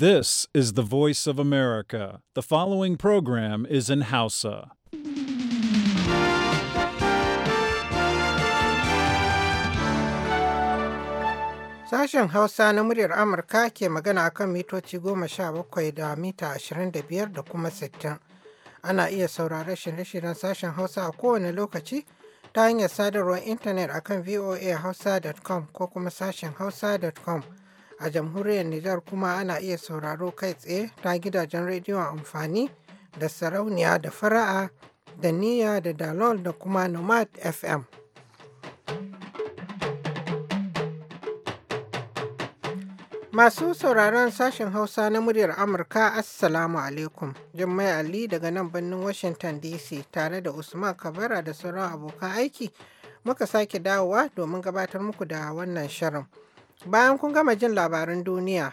This is the voice of America. The following program is in Hausa. Sashen Hausa na muryar Amurka ke magana akan mitoci goma sha bakwai da mita ashirin da biyar da kuma sittin. Ana iya sauraron shirye-shiryen sashen Hausa a kowane lokaci ta hanyar sadarwar intanet akan voahausa.com ko kuma sashen hausa.com. A jamhuriyar Nijar kuma ana iya sauraro kai tsaye ta gidajen rediyon amfani da sarauniya da fara'a da niyya da dalol da kuma nomad FM. Masu sauraron sashen Hausa na muryar Amurka Assalamu alaikum. Jummai Ali daga nan birnin Washington DC tare da Usman Kabara da sauran abokan aiki muka sake dawowa domin gabatar muku da wannan shirin. Bayan kun gama jin labaran duniya.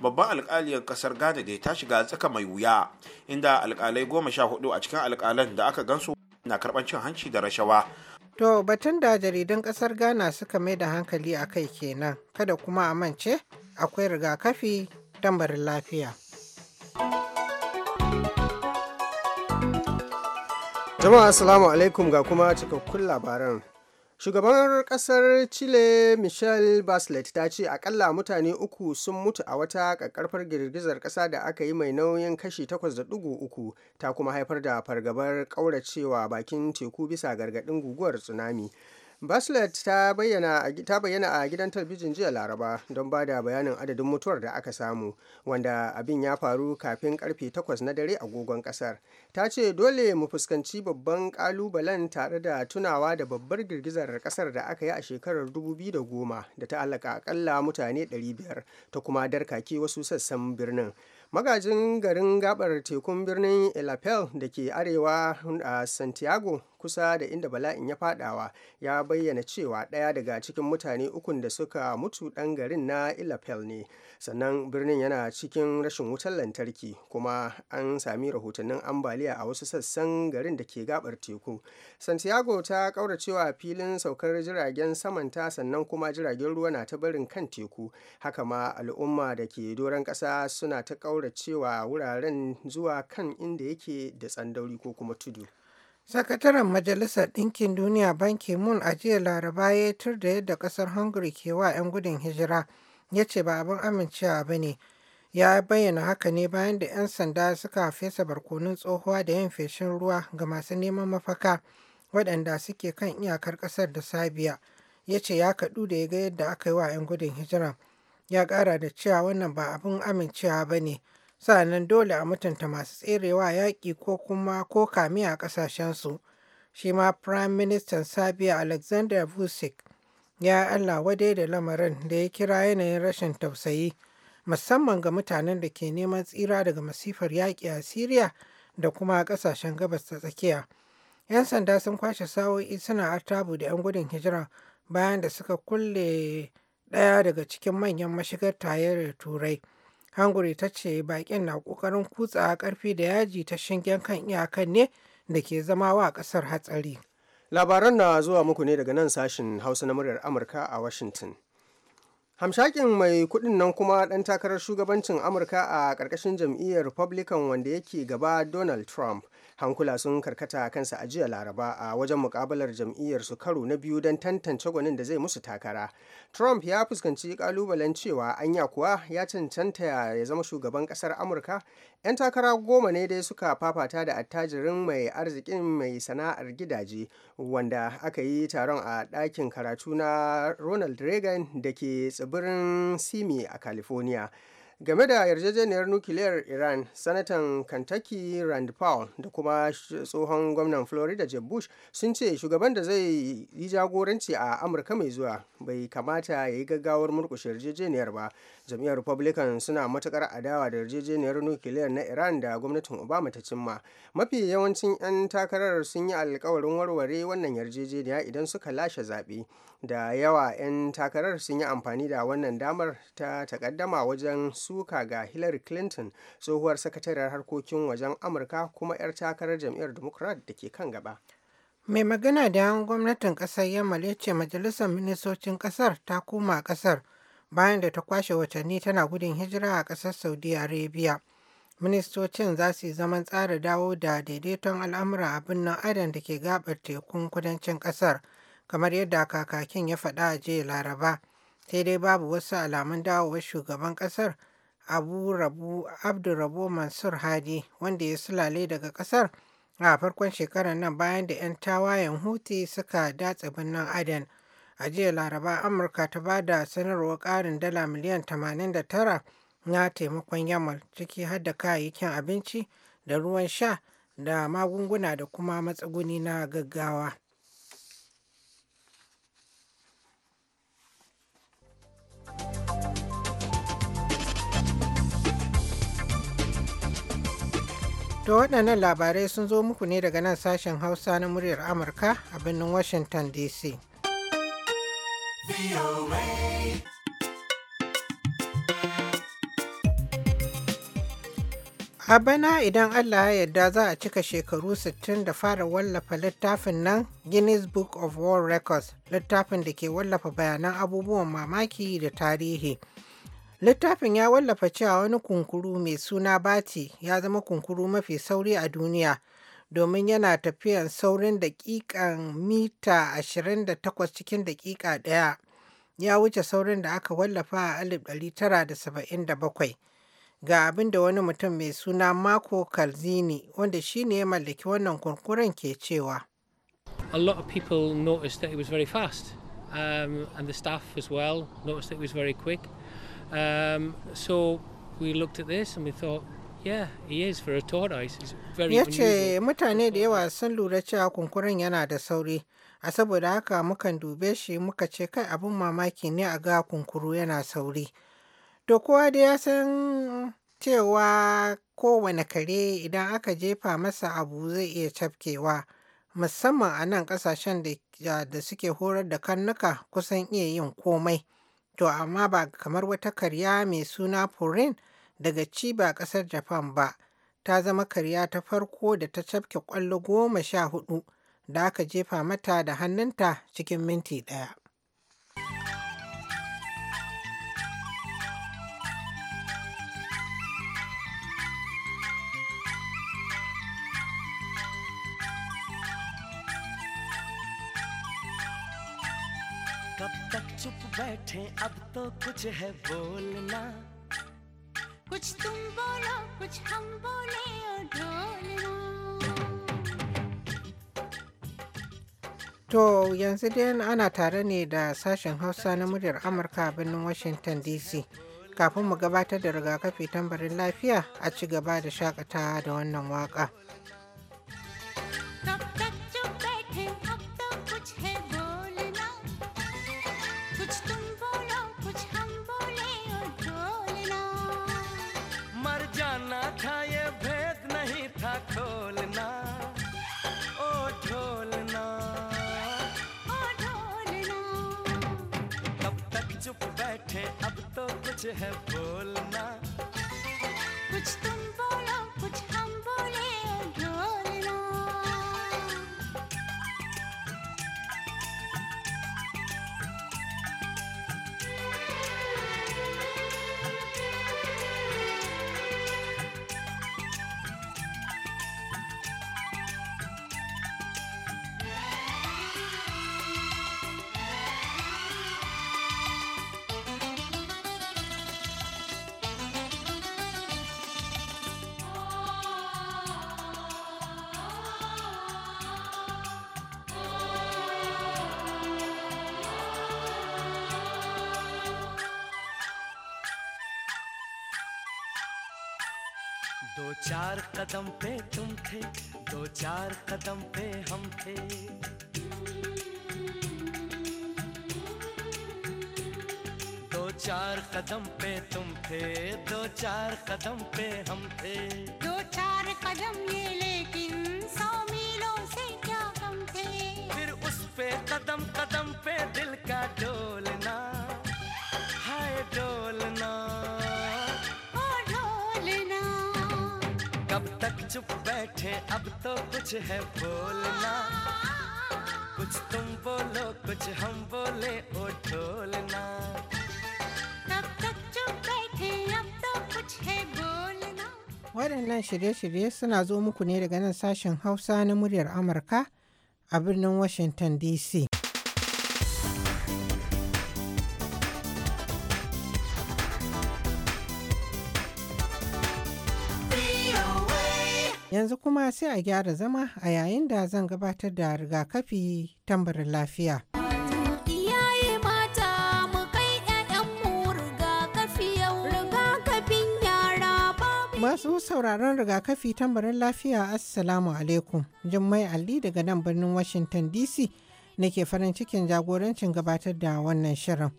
Babban alkaliyar ƙasar Ghana da ta shiga tsaka mai wuya, inda alkalai goma sha hudu a cikin alkalan da aka gansu na karɓar cin hanci da rashawa. To batun da jaridun ƙasar Ghana suka mai da hankali a kai kenan, kada kuma a mance akwai rigakafi tambarin lafiya. Jama'a Assalamu alaikum ga kuma cikakkun labaran. Shugabar kasar Chile Michelle baslet ta ce akalla mutane uku sun mutu a wata ƙaƙƙarfar girgizar kasa da aka yi mai nauyin kashi 8.3 ta kuma haifar da fargabar kauracewa bakin teku bisa gargadin guguwar tsunami. baslet ta bayyana a gidan talbijin jiya Laraba don ba da bayanin adadin mutuwar da aka samu wanda abin ya faru kafin karfe 8 na dare agogon kasar. Ta ce dole mu fuskanci babban kalubalen tare da tunawa da babbar girgizar kasar da aka yi a shekarar 2010 da ta alaka akalla mutane 500 ta kuma darkake wasu sassan birnin. magajin garin gabar tekun birnin elapel da ke arewa a santiago kusa da inda bala'in ya fadawa ya bayyana cewa ɗaya daga cikin mutane ukun da suka mutu ɗan garin na ilapel ne sannan birnin yana cikin rashin wutar lantarki kuma an sami rahotannin ambaliya a wasu sassan garin da ke gabar teku santiago ta kaura cewa filin saukar jiragen samanta sannan kuma jiragen ruwa na ta barin kan teku haka ma al'umma da ke doron ƙasa suna ta kaura cewa wuraren zuwa kan inda yake da tsandauri ko kuma tudu Sakataren Majalisar Ɗinkin Duniya Ban Mun a jiya Laraba ya yi tur da yadda ƙasar Hungary ke wa 'yan gudun hijira, ya ce ba abin amincewa ba ne. Ya bayyana haka ne bayan da 'yan sanda suka fesa barkonun tsohuwa da yin feshin ruwa ga masu neman mafaka waɗanda suke kan iyakar ƙasar da Sabiya. Ya ce ya kaɗu da ya ga yadda aka yi wa 'yan gudun hijira. Ya ƙara da cewa wannan ba abin amincewa ba ne. sa'annan dole a mutunta masu tserewa yaƙi ko kuma ko kami a ƙasashensu shi ma prime minister Sabia alexander vucic ya allah wadai da lamarin da ya kira yanayin rashin tausayi musamman ga mutanen da ke neman tsira daga masifar yaƙi a syria da kuma ƙasashen gabas ta tsakiya 'yan sanda sun kwashe sa'o'i suna artabu da 'yan gudun hijira bayan da suka kulle ɗaya daga cikin manyan mashigar tarayyar turai hangure ta ce baƙin na kokarin kutsa karfi da yaji ta shingen kan iyakan ne da ke zama wa kasar hatsari labaran na zuwa muku ne daga nan sashin hausa na muryar amurka a washington hamshakin mai kudin nan kuma dan takarar shugabancin amurka a karkashin jam'iyyar republican wanda yake gaba donald trump hankula sun karkata kansa a jiya laraba a wajen mukabalar jam'iyyar su karo na biyu don tantance gwanin da zai musu takara trump ya fuskanci kalubalen cewa anya kuwa ya cancanta ya zama shugaban kasar amurka 'yan takara goma ne dai suka fafata da attajirin mai arzikin mai sana'ar gidaje wanda aka yi taron a ɗakin karatu na ronald reagan da ke tsibirin simi a california game da yarjejeniyar nukiliyar iran sanatan kentucky rand paul da kuma tsohon gwamnan florida jeb bush sun ce shugaban da zai yi jagoranci a amurka mai zuwa bai kamata ya yi gaggawar murkushe yarjejeniyar ba jam'i'ar republican suna matukar adawa da yarjejeniyar nukiliyar na iran da gwamnatin obama ta cimma mafi yawancin 'yan takarar sun yi alkawarin warware wannan yarjejeniya idan suka lashe zaɓe da yawa 'yan takarar sun yi amfani da wannan damar ta takaddama wajen suka ga hillary clinton tsohuwar sakatariyar harkokin wajen amurka kuma 'yar takarar jam'iyyar democrat da ke kan gaba mai magana da yan gwamnatin kasar yamma ya ce majalisar ministocin kasar ta koma kasar bayan da ta kwashe watanni tana gudun hijira a ƙasar saudi arabia ministocin za su yi zaman tsara dawo da daidaiton al'amura a birnin adam da ke gabar tekun kudancin ƙasar kamar yadda kakakin ya faɗa a jiya laraba sai dai babu wasu alamun dawowar shugaban ƙasar abu rabu abdurrabu mansur hadi wanda ya sulale daga ƙasar a farkon shekarar nan bayan da 'yan tawayen huti suka datse birnin adam A jiya Laraba Amurka ta ba da sanarwar ƙarin dala miliyan 89 na taimakon Yamal ciki har da kayayyakin abinci da ruwan sha da magunguna da kuma matsuguni na gaggawa. To waɗannan labarai sun zo muku ne daga nan sashen Hausa na muryar Amurka a birnin Washington DC. A bana idan Allah ya yarda za a cika shekaru 60 da fara wallafa littafin nan Guinness Book of World Records littafin da ke wallafa bayanan abubuwan mamaki da tarihi. Littafin ya wallafa cewa wani kunkuru mai suna Bati ya zama kunkuru mafi sauri a duniya domin yana tafiyan saurin mita 28 cikin ya wuce saurin da aka wallafa a 1977 ga abin da wani mutum mai suna wanda shi ne mallaki wannan kurkuren ke cewa. A lot of people noticed that it was very fast um, and the staff as well noticed that it was very quick. Um, so we looked at this and we thought Ya ce mutane da yawa sun lura cewa kunkurin yana da sauri. A saboda haka mukan dube shi muka ce kai abin mamaki ne a ga kunkuru yana sauri. To kowa da ya san cewa kowane kare idan aka jefa masa abu zai iya cafkewa. Musamman a nan kasashen da suke horar da karnuka kusan iya yin komai. To amma ba kamar wata karya mai suna Purin. daga Chiba kasar Japan ba, ta zama karya ta farko da ta cafke kwallo goma sha hudu da aka jefa mata da hannunta cikin minti ɗaya. कब तक चुप बैठे अब तो कुछ है बोलना कुछ तुम बोलो कुछ हम बोले To yanzu dai ana tare ne da sashen Hausa na muryar Amurka a birnin Washington DC. Kafin mu gabatar da rigakafi tambarin lafiya a ci gaba da shakatawa da wannan waka. कुछ है बोलना कुछ तुम बोल... चार कदम पे तुम थे दो चार कदम पे हम थे दो चार कदम पे तुम थे दो चार कदम पे हम थे दो चार कदम ये मुझे अब तो कुछ है बोलना कुछ तुम बोलो कुछ हम बोले ओ ढोलना तब तक चुप बैठे अब तो कुछ है बोलना waɗannan shirye-shirye suna zo muku ne daga nan sashen Hausa na muryar Amurka a birnin Washington DC. Yanzu kuma sai a gyara zama a yayin da zan gabatar da rigakafi tambarin lafiya. Masu sauraron rigakafi tambarin lafiya Assalamu alaikum. Jummai Ali daga nan birnin Washington DC nake farin cikin jagorancin gabatar da wannan shirin.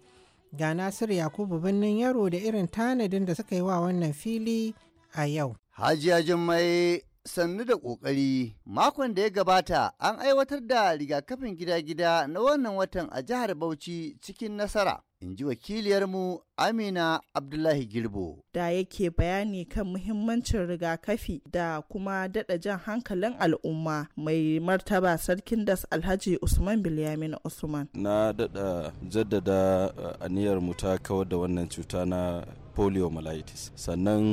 Ga Nasiru Yakubu birnin Yaro da irin tanadin da suka yi wa wannan fili a yau. Hajiya Jummai sannu da ƙoƙari. Makon da ya gabata an aiwatar da rigakafin gida-gida na wannan watan a jihar Bauchi cikin nasara. In ji wakiliyarmu Amina Abdullahi Girbo. Da yake bayani kan muhimmancin rigakafi da kuma daɗa jan hankalin al'umma mai martaba sarkin das Alhaji Usman Bilyamin Usman. Na daɗa jaddada eh, aniyar mu ta kawar da wannan cuta na poliomyelitis sannan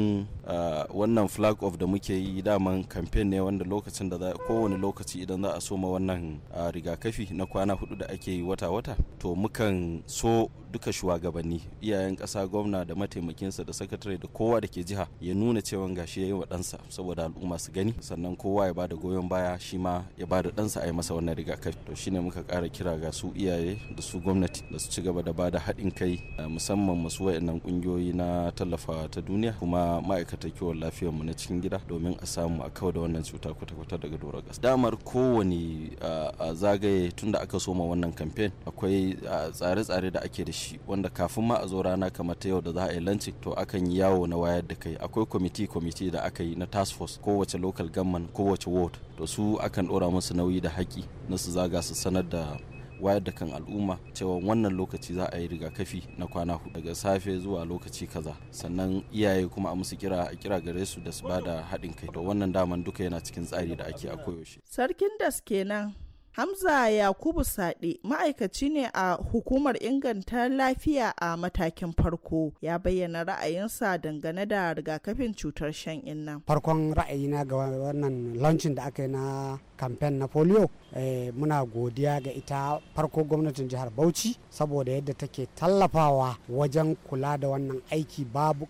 wannan flag of da muke yi daman campaign ne wanda lokacin da kowane lokaci idan za a soma wannan rigakafi na kwana hudu da ake yi wata-wata to mukan so duka shugabanni iyayen ƙasa gwamna da mataimakinsa da sakatare da kowa da ke jiha ya nuna cewa gashi ya yi wa ɗansa saboda al'umma su gani sannan kowa ya bada goyon baya shi ma ya bada ɗansa a yi masa wannan rigakafi to shine muka ƙara kira ga su iyaye da su gwamnati da su ci gaba da bada haɗin kai eh, musamman masu wayannan ƙungiyoyi na tallafawa ta duniya kuma ma'aikatan kiwon mu na cikin gida domin a samu a kawo da wannan cuta kwata-kwata daga doron ƙasa damar kowane eh, zagaye tunda aka soma wannan kamfen akwai eh, tsare-tsare da ake da shi lanci wanda kafin ma a zo rana kamar ta yau da za a yi lanci to akan yi yawo na wayar da kai akwai kwamiti kwamiti da aka yi na task force kowace local government kowace ward to su akan dora musu nauyi da haƙi na su zaga su sanar da wayar da kan al'umma cewa wannan lokaci za a yi rigakafi na kwana hudu daga safe zuwa lokaci kaza sannan iyaye kuma a musu kira a kira gare su da su bada haɗin kai to wannan daman duka yana cikin tsari da ake a koyaushe sarkin das kenan Hamza Yakubu Sade ma'aikaci ne a hukumar inganta lafiya a matakin farko ya bayyana ra'ayinsa dangane da rigakafin cutar shan inna. Farkon ra'ayina ga wannan launcin da aka yi na kamfen na polio eh, muna godiya ga ita farko gwamnatin jihar Bauchi saboda yadda take tallafawa wajen kula da wannan aiki babu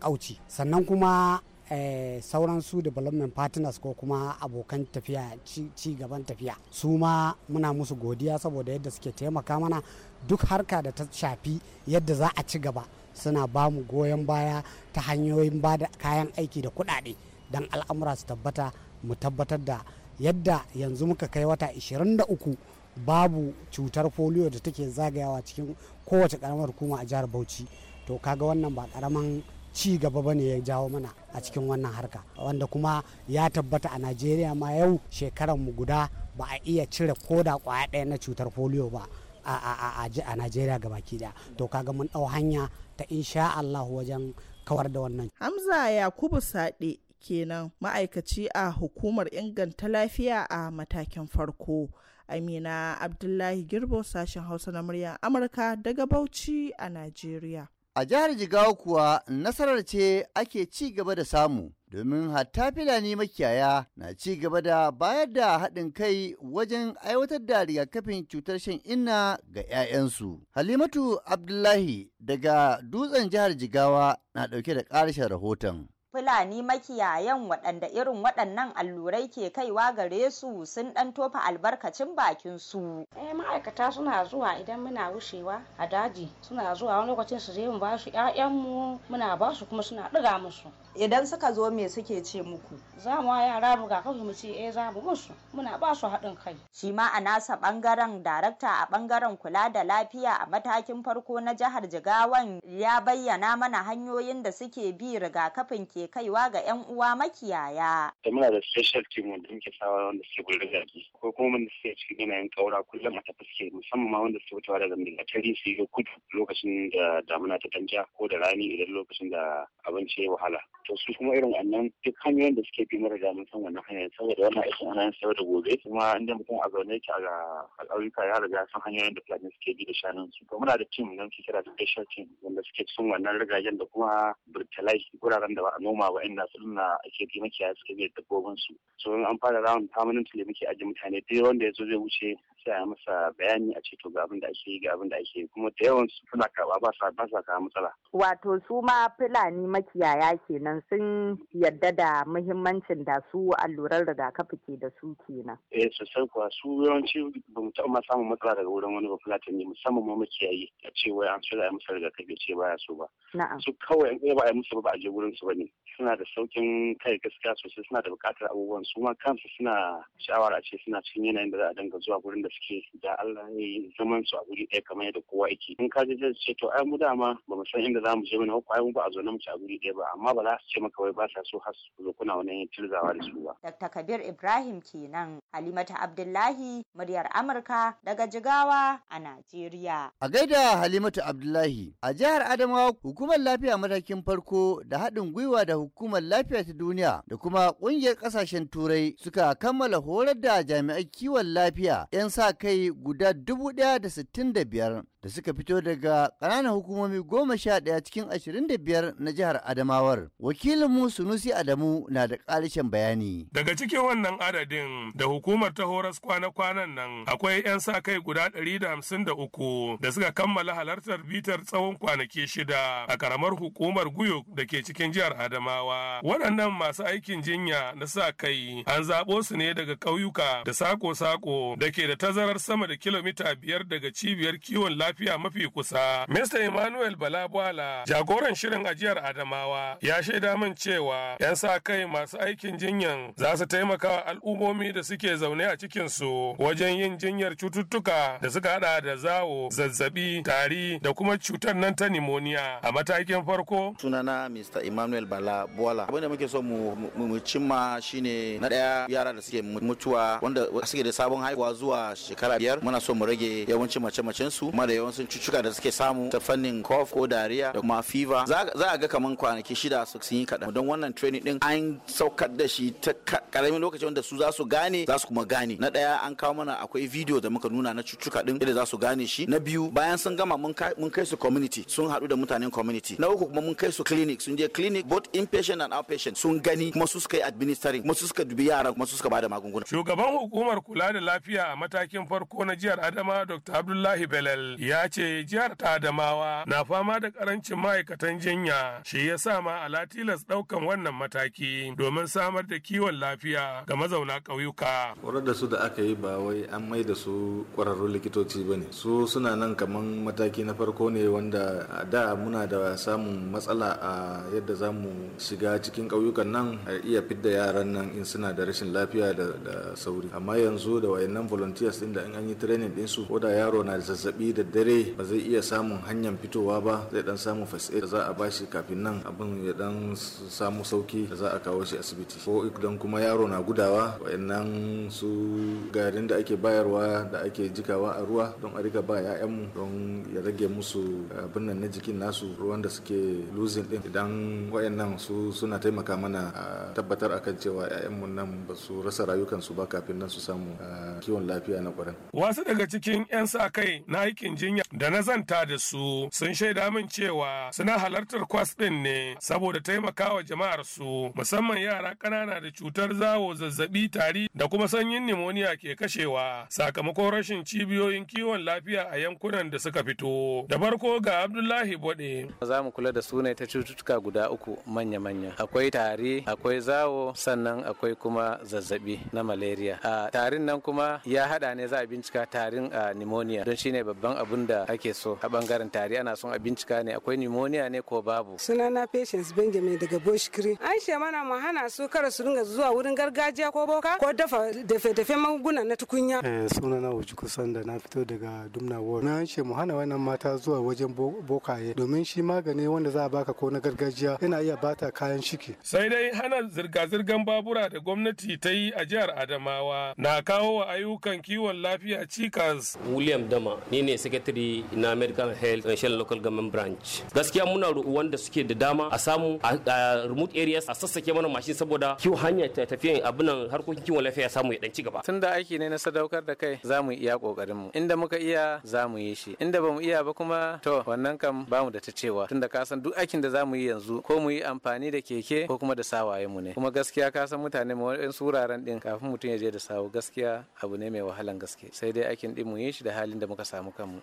kauci sannan kuma Eh, sauran su development partners ko kuma abokan tafiya ci gaban tafiya su ma muna musu godiya saboda yadda suke taimaka mana duk harka da ta shafi yadda za a ci gaba suna ba mu goyon baya ta hanyoyin ba da kayan aiki da kudade don al'amura su tabbata mu tabbatar da yadda yanzu muka kai wata 23 babu cutar polio da take zagayawa cikin kowace karamar hukuma a jihar bauchi to kaga wannan ba karaman ci gaba ba ne ya jawo mana a cikin wannan harka wanda kuma ya tabbata a najeriya ma yau shekaran mu guda ba a iya cire koda kwaya ɗaya na cutar polio ba a najeriya gabaki daya to kaga mun ɗau hanya ta insha allah wajen kawar da wannan hamza yakubu saɗe kenan ma'aikaci a hukumar inganta lafiya a matakin farko amina abdullahi girbo sashen hausa na muryar amurka daga bauchi a najeriya A jihar Jigawa kuwa nasarar ce ake ci gaba da samu domin hatta filani makiyaya na ci gaba da bayar da haɗin kai wajen aiwatar da rigakafin cutar shan inna ga 'ya'yansu. Halimatu Abdullahi daga dutsen jihar Jigawa na ɗauke da ƙarshen rahoton. Fulani makiyayan waɗanda irin waɗannan allurai ke kaiwa gare su sun ɗan tofa albarkacin bakin su. Eh ma'aikata suna zuwa idan muna wucewa a daji suna zuwa wani lokacin su je mu ba su 'ya'yanmu muna ba su kuma suna ɗiga musu. idan suka zo me suke ce muku za mu yara rigakafi mu ce eh za mu musu muna ba su haɗin kai shi ma a nasa bangaren darakta a bangaren kula da lafiya a matakin farko na jihar jigawan ya bayyana mana hanyoyin da suke bi rigakafin ke kaiwa ga yan uwa makiyaya da muna da special team wanda muke sawa wanda suke gurin gaji, ko kuma wanda suke cikin yanayin kaura kullum a tafi musamman ma wanda suke wucewa daga military su yi kudu lokacin da damuna ta danja ko da rani idan lokacin da abinci ya wahala to su kuma irin wannan duk hanyoyin da suke bi mara da mun san wannan hanyar saboda wannan aikin ana yin da gobe kuma inda mutum a zaune yake a al'auyuka ya riga san hanyoyin da fulani suke bi da shanun su to muna da cin nan kira da special team wanda suke sun wannan rigagen da kuma burtalai guraren da ba a noma ba inda su na ake bi makiyaya suke bi da dabbobin su so in an fara round permanently muke ajiye mutane duk wanda ya zo zai wuce sai a masa bayani a ce to ga abin da ake yi ga abin da ake yi kuma da yawan su suna karɓa ba sa ba sa kawo matsala. Wato su ma Fulani makiyaya kenan sun yadda da muhimmancin da su allurar rigakafi ke da su kenan. Eh sosai kuwa su yawanci ba mu taɓa samun matsala daga wurin wani ba Fulani musamman ma makiyayi a ce wai an ce za a yi masa rigakafi ce baya so ba. Na'am. Su kawai in ba a yi musu ba ba a je wurin su ba ne. suna da saukin kai gaskiya sosai suna da bukatar abubuwan su ma kansu suna shawara ce suna cikin yanayin da za a danga zuwa gurin da suke da Allah ne zaman su a guri ɗaya kamar yadda kowa yake in ka je zai ce to ai mu dama ba mu san inda za mu je mana ko ai mu ba a zo na mu ci a guri ɗaya ba amma ba za su ce maka wai ba sa so har su zo kuna wani tilzawa da su ba. Dr. Kabir Ibrahim kenan Halimata Abdullahi muryar Amurka daga Jigawa a Najeriya. A gaida Halimatu Abdullahi a jihar Adamawa hukumar lafiya matakin farko da haɗin gwiwa da hukumar lafiya ta duniya da kuma kungiyar kasashen turai suka kammala horar da jami'ai kiwon lafiya 'yan sa kai guda da sittin biyar. da suka fito daga ƙananan hukumomi goma sha ɗaya cikin ashirin da biyar na jihar Adamawar. Wakilinmu Sunusi Adamu na da ƙarishin bayani. Daga cikin wannan adadin da hukumar ta horas kwana-kwanan nan akwai 'yan sa kai guda ɗari da hamsin da uku da suka kammala halartar bitar tsawon kwanaki shida a ƙaramar hukumar Guyuk da ke cikin jihar Adamawa. Waɗannan masu aikin jinya na sa kai an zaɓo su ne daga ƙauyuka da sako-sako da ke da tazarar sama da kilomita biyar daga cibiyar kiwon lafiya lafiya mafi kusa. Mista Emmanuel Balabwala, jagoran shirin ajiyar Adamawa, ya shaida min cewa 'yan sa kai masu aikin jinyan za su taimaka al'ummomi da suke zaune a cikin su wajen yin jinyar cututtuka da suka hada da zawo, zazzabi, tari da kuma cutar nan ta nimoniya a matakin farko. Sunana mista Emmanuel Bala Abin da muke so mu mu cimma shine na ɗaya yara da suke mutuwa wanda suke da sabon haihuwa zuwa shekara biyar muna so mu rage yawancin mace-macen su kuma da yawancin cucuka da suke samu ta fannin cough ko dariya da kuma fever za a ga kaman kwanaki shida su sun yi kaɗan don wannan training din an saukar da shi ta karamin lokaci wanda su za su gane za su kuma gane na ɗaya an kawo mana akwai video da muka nuna na cucuka din yadda za su gane shi na biyu bayan sun gama mun kai su community sun haɗu da mutanen community na uku kuma mun kai su clinic sun je clinic both inpatient and outpatient sun gani kuma su suka yi administering kuma su suka dubi yara kuma su suka bada magunguna shugaban hukumar kula da lafiya a matakin farko na jihar Adama Dr. Abdullahi Belal ya ce jihar ta Adamawa na fama da karancin ma'aikatan jinya shi ya sa ma ala tilas ɗaukan wannan mataki domin samar da kiwon lafiya ga mazauna ƙauyuka. Horar da su da aka yi ba wai an mai da su ƙwararrun likitoci ba ne. Su suna nan kaman mataki na farko ne wanda a da muna da samun matsala a yadda za mu shiga cikin ƙauyukan nan a iya fidda yaran nan in suna da rashin lafiya da sauri. Amma yanzu da wayannan volunteers ɗin da in an yi training ɗinsu ko da yaro na da zazzabi da dare ba zai iya samun hanyar fitowa ba zai dan samu first da za a bashi kafin nan abin ya dan samu sauki da za a kawo shi asibiti ko idan kuma yaro na gudawa wayannan su garin da ake bayarwa da ake jikawa a ruwa don a riga ba ya'yanmu don ya rage musu abin nan na jikin nasu ruwan da suke losing din idan wayannan su suna taimaka mana a tabbatar akan cewa ya'yanmu nan ba su rasa rayukansu ba kafin nan su samu ah, kiwon lafiya na kwarin wasu daga cikin 'yan sa kai na aikin jin jinya da na zanta da su sun shaida min cewa suna halartar kwas ɗin ne saboda taimakawa jama'ar su musamman yara ƙanana da cutar zawo zazzabi tari da kuma sanyin nimoniya ke kashewa sakamakon rashin cibiyoyin kiwon lafiya a yankunan da suka fito da farko ga abdullahi bode za mu kula da su ta cututtuka guda uku manya-manya akwai tari akwai zawo sannan akwai kuma zazzabi na malaria a tarin nan kuma ya hada ne za a bincika tarin a nimoniya. don shine babban abu abin da ake so a bangaren tari ana son a bincika ne akwai pneumonia ne ko babu sunana patience benjamin daga creek an she mana mu hana su kar su dinga zuwa wurin gargajiya ko boka ko dafa dafe dafe magunguna na tukunya eh sunana wuji kusan da na fito daga dumna ward na she mu hana wannan mata zuwa wajen bokaye domin shi magani wanda za a baka ko na gargajiya yana iya bata kayan shiki sai dai hana zirga-zirgan babura da gwamnati ta yi a jihar adamawa na kawo wa ayyukan kiwon lafiya cikas william dama ni ne secretary na medical health and local government branch gaskiya muna roƙo da suke da dama a samu a remote areas a sassake mana mashin saboda kiwo hanya ta tafiyan abunan harkokin kiwon lafiya samu ya dan ci gaba tunda aiki ne na sadaukar da kai za mu iya kokarin mu inda muka iya za mu yi shi inda bamu iya ba kuma to wannan kam bamu da ta cewa tunda ka san duk aikin da za mu yi yanzu ko mu yi amfani da keke ko kuma da sawaye mu ne kuma gaskiya ka san mutane mu wani suraren din kafin mutum ya je da sawo gaskiya abu ne mai wahalan gaske sai dai aikin din mu yi shi da halin da muka samu kanmu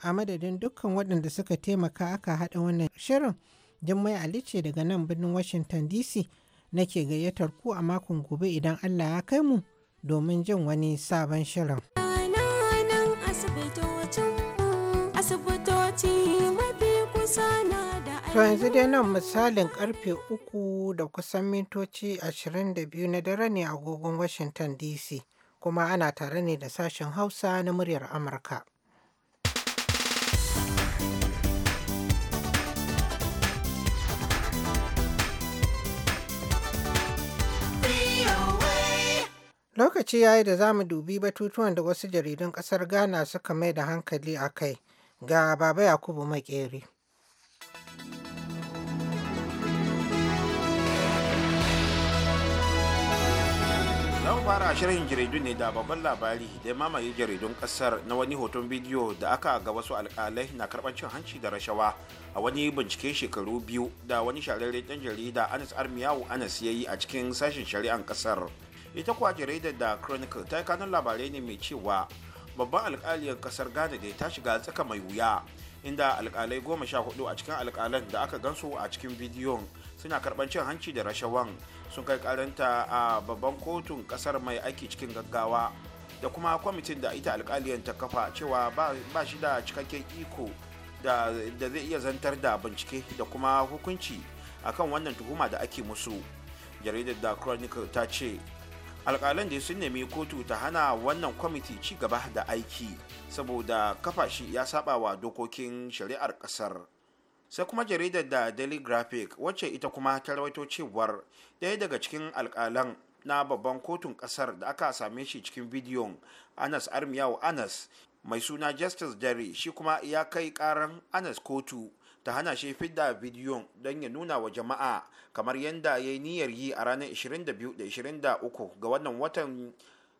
a madadin dukkan waɗanda suka taimaka aka haɗa wannan shirin jimmai ali ce daga nan birnin washington dc nake gayyatar ku a makon gobe idan allah ya kai mu domin jin wani sabon shirin To yanzu dai nan misalin karfe uku da kusan mintoci 22 na dare ne a agogon Washington DC kuma ana tare ne da sashen Hausa na muryar Amurka. Lokaci ya yi da za mu dubi batutuwan da wasu jaridun ƙasar Ghana suka mai da hankali a kai ga Baba Yakubu Makeri. Zan fara shirin jaridu ne da babban labari da mamaye jaridun kasar na wani hoton bidiyo da aka ga wasu alkalai na karɓar cin hanci da rashawa a wani bincike shekaru biyu da wani shahararren ɗan jarida Anas Armiyawu Anas ya yi a cikin sashen shari'an kasar. ita kuwa jaridar da chronicle ta yi kanun labarai ne mai cewa babban alkaliyar kasar ghana da ta shiga tsaka mai wuya inda alkalai goma sha hudu a cikin alkalan da aka gansu a cikin bidiyon suna karban cin hanci da rashawan sun kai karanta a babban kotun kasar mai aiki cikin gaggawa da kuma kwamitin da ita alkaliyar ta kafa cewa ba shi da cikakken iko da zai iya zantar da bincike da kuma hukunci akan wannan tuhuma da ake musu jaridar da chronicle ta ce alƙalan da sun nemi kotu ta hana wannan kwamiti ci gaba da aiki saboda kafa shi ya saba wa dokokin shari'ar ƙasar sai kuma jaridar da daily graphic wacce ita kuma ta rawaito cewar ɗaya daga cikin alƙalan na babban kotun ƙasar da aka same shi cikin bidiyon anas armiyawa anas mai suna justice dare shi kuma ya kai karan anas kotu ta hana shi fidda bidiyon don ya nuna wa jama'a kamar yadda ya yi niyyar yi a ranar 22 da 23 ga wannan watan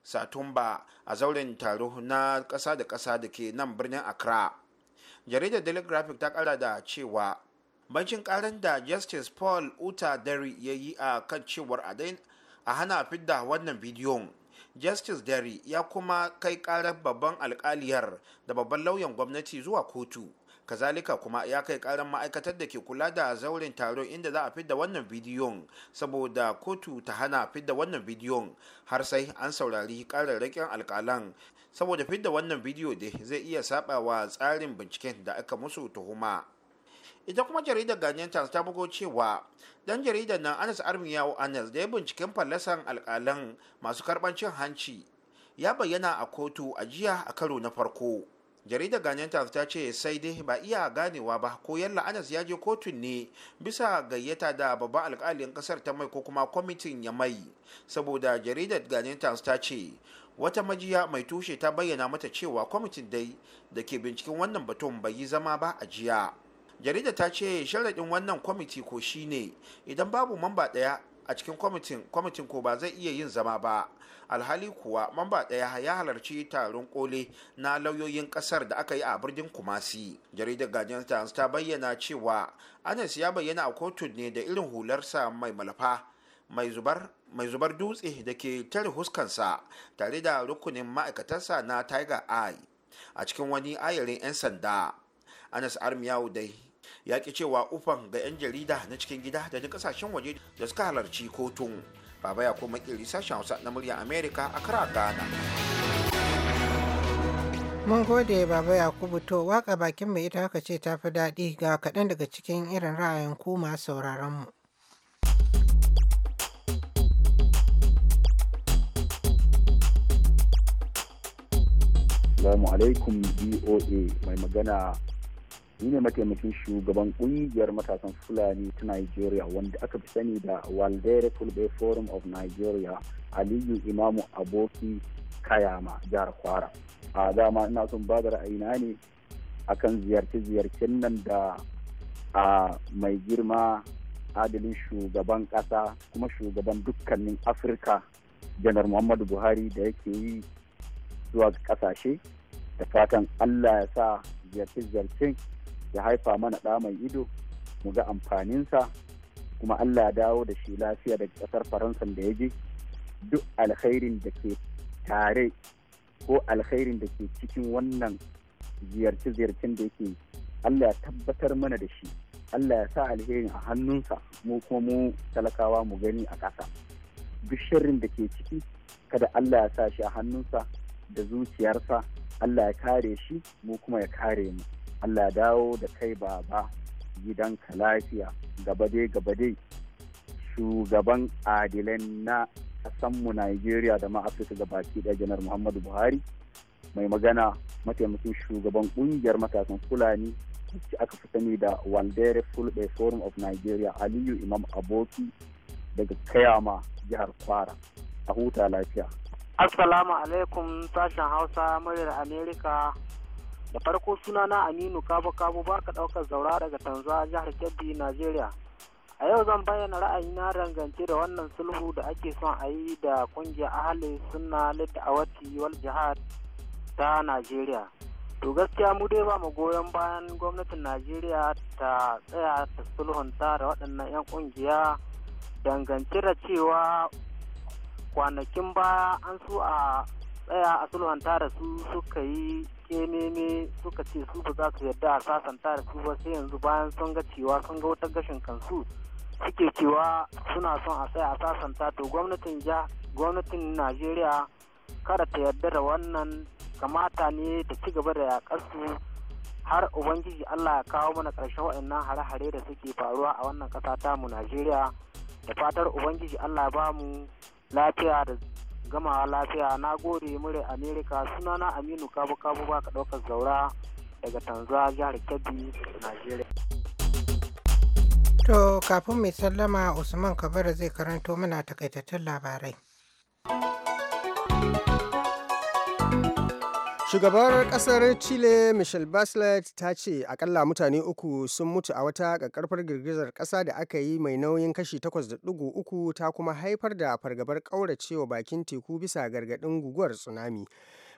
satumba a zauren taro na ƙasa da ƙasa da ke nan birnin accra jaridar daily graphic ta ƙara da cewa bancin ƙarin da justice paul uta derry ya yi a kan cewar a hana fidda wannan bidiyon justice derry ya kuma kai karar babban alkaliyar da babban lauyan gwamnati zuwa kotu kazalika kuma ya kai karan ma'aikatar da ke kula da zauren taron inda za a fidda wannan bidiyon saboda kotu ta hana fidda wannan bidiyon har sai an saurari kararrakin alkalan saboda fidda wannan bidiyo dai zai iya sabawa tsarin binciken da aka musu tuhuma ita kuma jaridar ganyen su ta bugo cewa dan jaridar nan anas armiyawo anas da ya binciken fallasan alkalan masu karban cin hanci ya bayyana a kotu a jiya a karo na farko jaridar ganyen times ta ce sai dai ba iya ganewa ba ko yalla anas ya je kotun ne bisa gayyata da babban alkalin kasar ta mai ko kuma kwamitin ya mai saboda jaridar ganyen times ta ce wata majiya mai tushe ta bayyana mata cewa kwamitin dai da ke binciken wannan batun bai yi zama ba a jiya jarida ta ce sharaɗin wannan kwamiti ko shine idan babu mamba ɗaya a cikin kwamitin kwamitin ko ba zai iya yin zama ba alhali kuwa mamba ɗaya ya halarci taron kole na lauyoyin ƙasar da aka yi a birnin kumasi jaridar guardian times ta bayyana cewa anas ya bayyana a kotu ne da irin hularsa mai malafa mai zubar mai zubar dutse da ke tare huskansa tare da rukunin ma'aikatarsa na tiger eye a cikin wani ayarin 'yan sanda anas armiyawu dai ya ki cewa ufan ga 'yan jarida na cikin gida da na kasashen waje da suka halarci kotun baba ya kuma kiri sashen hausa na murya Amerika a kara ghana mun gode baba yakubu to waka bakin mai ita haka ce ta fi daɗi ga kaɗan daga cikin irin ra'ayin kuma sauraronmu. sauraron mu Assalamu alaikum BOA mai magana ni ne mataimakin shugaban kungiyar matasan fulani ta nigeria wanda aka fi sani da waldere fulbe forum of nigeria aliyu imamu aboki kayama jihar kwara a dama ina son ba da ra'ayina ne akan ziyarce-ziyarcen nan da a mai girma adalin shugaban kasa kuma shugaban dukkanin afirka janar muhammadu buhari da yake yi zuwa kasashe da fatan allah ya sa ziyarce-ziyarcen ya haifa mana ɗa mai ido mu ga amfaninsa kuma Allah ya dawo da shi lafiya daga ƙasar faransa da ya je duk alkhairin da ke tare ko alkhairin da ke cikin wannan ziyarce-ziyarcen da yake Allah ya tabbatar mana da shi Allah ya sa alherin a hannunsa mu kuma mu talakawa mu gani a ƙasa duk shirin da ke ciki kada Allah ya sa shi a hannunsa da zuciyarsa Allah ya kare shi mu kuma ya kare mu Allah dawo da kai baba gidanka lafiya gaba dai shugaban adilan na kasanmu Najeriya da ma Afirka baki da janar Muhammadu Buhari mai magana mataimakin shugaban kungiyar matasan Fulani wacce aka fi sani da Waldere Fulbe eh, Forum of Nigeria Aliyu Imam Aboki daga Kayama jihar Kwara a huta lafiya. Assalamu alaikum sashen Hausa muryar Amerika da farko suna na aminu kabo kabo ba ka ɗaukar zaura daga tanza jihar kebbi nigeria a yau zan bayyana ra'ayina dangance da wannan sulhu da ake son a yi da kungiyar ahali suna lidda wati wal jihar ta nigeria to gaskiya mu dai ba mu goyon bayan gwamnatin nigeria ta tsaya ta sulhunta da waɗannan 'yan kungiya dangance da cewa kwanakin baya an su a tsaya a sulhunta da su suka yi kememe suka ce su ba za su yarda a sasanta da su ba sai yanzu bayan sun ga cewa sun ga wata gashin kansu suke cewa suna son a tsaya a sasanta to gwamnatin ja gwamnatin najeriya kada ta yarda da wannan kamata ne ta ci gaba da yakarsu har ubangiji allah ya kawo mana ƙarshen waɗannan hare-hare da suke faruwa a wannan ƙasa mu najeriya da fatar ubangiji allah ya mu lafiya da gamawa lafiya na gode mure amerika sunana aminu kabu kabu ba ka ɗaukar zaura daga tanza jihar kebbi nigeria to kafin mai sallama usman kabara zai karanto mana takaitattun labarai Shugabar kasar Chile Michelle Bachelet ta ce akalla mutane uku sun mutu a wata kakkarfar girgizar ƙasa da aka yi mai nauyin kashi 8.3 ta kuma haifar da fargabar kauracewa bakin teku bisa gargadin guguwar tsunami.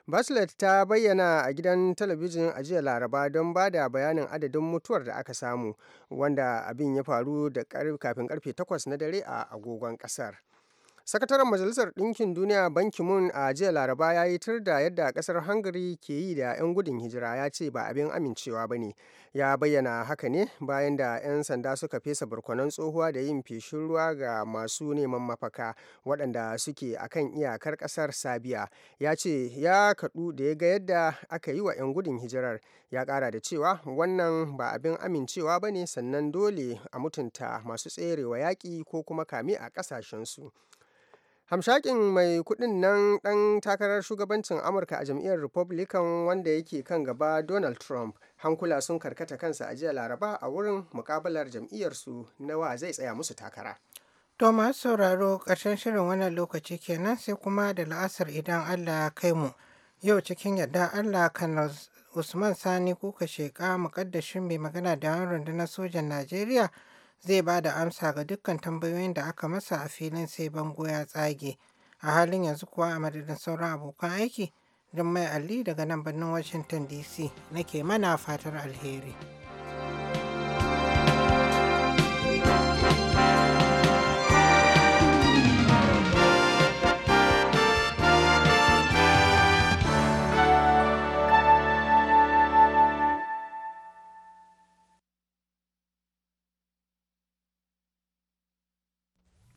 Bachelet ta bayyana a gidan talabijin a jiya Laraba don ba da bayanin adadin mutuwar da aka samu wanda abin ya faru da kafin karfe 8 na dare a agogon kasar. Sakataren Majalisar Ɗinkin Duniya Ban ki a jiya Laraba ya yi tur da yadda ƙasar Hungary ke yi da 'yan gudun hijira ya ce ba abin amincewa ba ne. Ya bayyana haka ne bayan da 'yan sanda suka fesa barkonon tsohuwa da yin feshin ruwa ga masu neman mafaka waɗanda suke akan iyakar ƙasar Sabiya. Ya ce ya kaɗu da ya ga yadda aka yi wa 'yan gudun hijirar. Ya ƙara da cewa wannan ba abin amincewa ba ne sannan dole a mutunta masu tserewa yaƙi ko kuma kame a ƙasashensu. hamshakin mai kudin nan dan takarar shugabancin amurka a jam'iyyar republican wanda yake kan gaba donald trump hankula sun karkata kansa a jiya laraba a wurin mukabalar jam'iyyarsu na wa zai tsaya musu takara to masu sauraro ƙarshen shirin wannan lokaci kenan sai kuma da la'asar idan allah ya kai mu yau cikin yadda allah kan usman sani kuka sheka mukaddashin mai magana da rundunar sojan najeriya zai ba da amsa ga dukkan tambayoyin da aka masa a filin sai bango ya tsage. A halin yanzu kuwa a madadin sauran abokan aiki, Jummai alli daga nan birnin Washington DC nake mana fatar alheri.